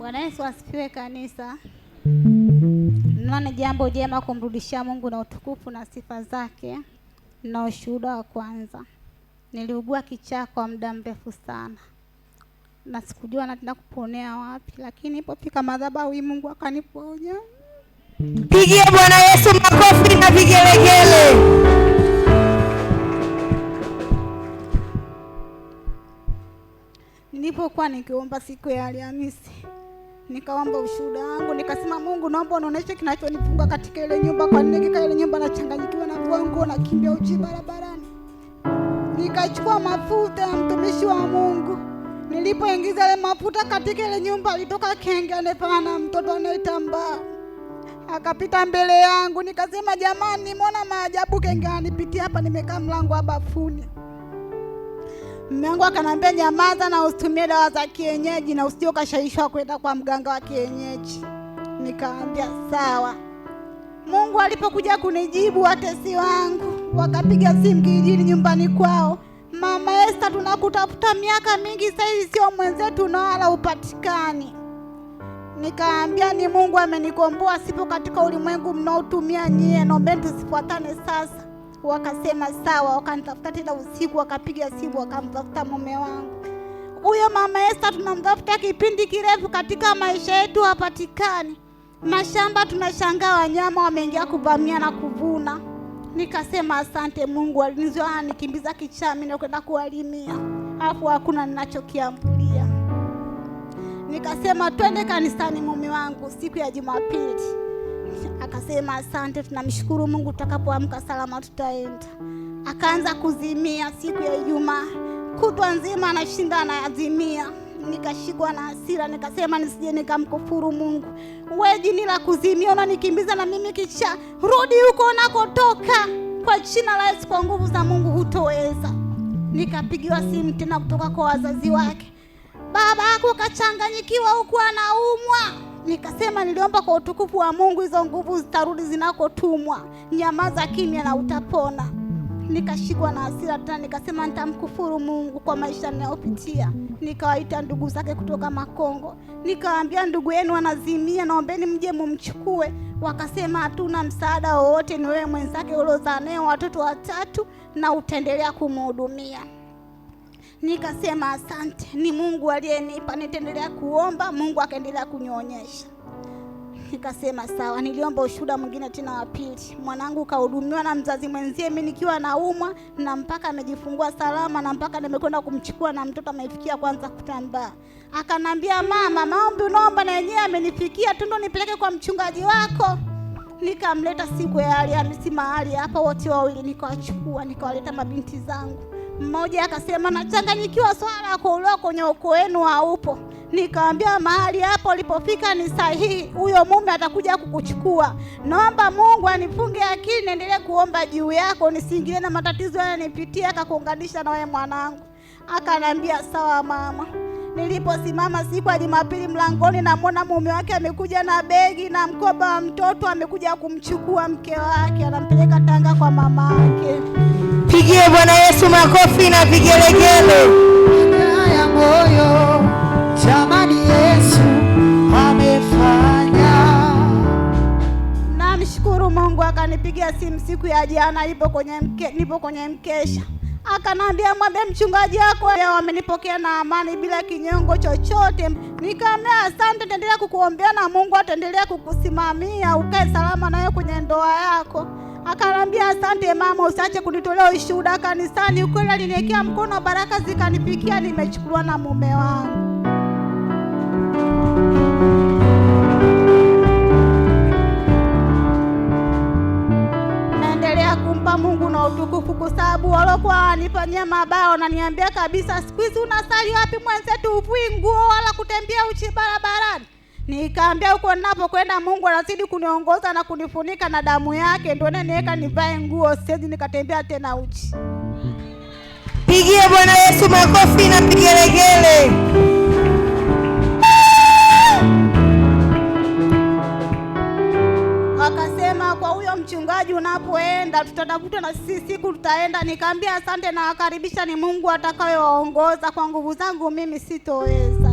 Bwana Yesu asifiwe kanisa. Naona jambo jema kumrudishia Mungu na utukufu na sifa zake na ushuhuda wa kwanza. Niliugua kichaa kwa muda mrefu sana. Na sikujua natenda kuponea wapi, lakini nilipofika madhabahu hii Mungu akaniponya. Pigie Bwana Yesu makofi na vigelegele. Nilipokuwa nikiomba siku ya Alhamisi nikaomba ushuhuda wangu, nikasema, Mungu, naomba unionyeshe kinachonifunga katika ile nyumba. Kwa nini kika ile nyumba nachanganyikiwa na vongo, nakimbia uchi barabarani? Nikachukua mafuta ya mtumishi wa Mungu. Nilipoingiza ile mafuta katika ile nyumba, alitoka kenge anepana, mtoto anayetambaa akapita mbele yangu. Nikasema, jamani, nimeona maajabu, kenge anipitia hapa. Nimekaa mlango wa bafuni Mungu akanambia, nyamaza na usitumie dawa za kienyeji na usije ukashawishwa kwenda kwa mganga wa kienyeji. Nikaambia sawa. Mungu alipokuja kunijibu, watesi wangu wakapiga simu kijijini nyumbani kwao, Mama Esther, tunakutafuta miaka mingi sasa sio mwenzetu na wala upatikani. Nikaambia ni Mungu amenikomboa, sipo katika ulimwengu mnaotumia nyie, naombeni tusifuatane sasa Wakasema sawa, wakanitafuta tena usiku, wakapiga simu, wakamtafuta mume wangu. Huyo mama Esta tunamtafuta kipindi kirefu katika maisha yetu, hapatikani. Mashamba tunashangaa wanyama wameingia kuvamia na kuvuna. Nikasema asante Mungu, alinizoa nikimbiza kichami na kwenda kuwalimia, alafu hakuna ninachokiambulia. Nikasema twende kanisani mume wangu siku ya Jumapili akasema asante, tunamshukuru Mungu, tutakapoamka salama tutaenda. Akaanza kuzimia siku ya Ijumaa kutwa nzima anashinda anazimia. Nikashikwa na hasira, nikasema nisije nikamkufuru Mungu. We jini la kuzimia unanikimbiza na mimi kicha, rudi huko unakotoka kwa jina la Yesu, kwa nguvu za Mungu hutoweza. Nikapigiwa simu tena kutoka kwa wazazi wake, baba yako kachanganyikiwa huku anaumwa Nikasema niliomba kwa utukufu wa Mungu, hizo nguvu zitarudi zinakotumwa. Nyamaza kimya na utapona. Nikashikwa na hasira tena, nikasema nitamkufuru Mungu kwa maisha ninayopitia. Nikawaita ndugu zake kutoka Makongo, nikawaambia ndugu yenu anazimia, naombeni mje mumchukue. Wakasema hatuna msaada wowote, ni wewe mwenzake uliozaa naye watoto watatu na utaendelea kumhudumia. Nikasema asante, ni Mungu aliyenipa. Nitaendelea kuomba, Mungu akaendelea kunionyesha. Nikasema sawa. Niliomba ushuhuda mwingine tena wa pili, mwanangu kahudumiwa na mzazi mwenzie, mimi nikiwa naumwa, na mpaka amejifungua salama, na mpaka nimekwenda kumchukua, na mtoto amefikia kwanza kutambaa. Akanambia, mama, maombi unaomba na yenyewe amenifikia, tundo nipeleke kwa mchungaji wako. Nikamleta siku ya Alhamisi mahali hapa, wote wawili nikawachukua, nikawaleta mabinti zangu mmoja akasema nachanganyikiwa, swala ya kuolewa kwenye ukoo wenu haupo. Nikaambia mahali hapo ulipofika ni sahihi, huyo mume atakuja kukuchukua. Naomba Mungu anifunge akili, niendelee kuomba juu yako, nisiingilie na matatizo yananipitia, akakuunganisha na wewe mwanangu. Akanambia sawa mama. Niliposimama siku ya Jumapili mlangoni, namwona mume wake amekuja na begi na mkoba wa mtoto, amekuja kumchukua mke wake, anampeleka Tanga kwa mama yake makofi na vigelegele. moyo, Yesu amefanya. Namshukuru Mungu, akanipigia simu siku ya jana, nipo kwenye mke, nipo kwenye mkesha, akanambia mwambie mchungaji wako wamenipokea na amani bila kinyongo chochote. Nikamwambia asante, taendelea kukuombea na Mungu ataendelea kukusimamia ukae salama nayo kwenye ndoa yako. Akanambia, asante mama, usiache kunitolea ushuhuda kanisani. Ukweli aliniwekea mkono, baraka zikanipikia, nimechukuliwa na mume wangu. Mungu na utukufu kwa sababu waliokuwa wanifanyia mabaya wananiambia kabisa, siku hizi unasali wapi mwenzetu, uvui nguo wala kutembea uchi barabarani. Nikaambia huko ninapokwenda Mungu anazidi kuniongoza na kunifunika na damu yake, ndio niweka nivae nguo, siwezi nikatembea tena uchi. Pigie Bwana Yesu makofi na pigelegele. akasema kwa huyo mchungaji, unapoenda tutatafuta na sisi siku tutaenda. Nikaambia asante, nawakaribisha, ni Mungu atakayewaongoza, kwa nguvu zangu mimi sitoweza.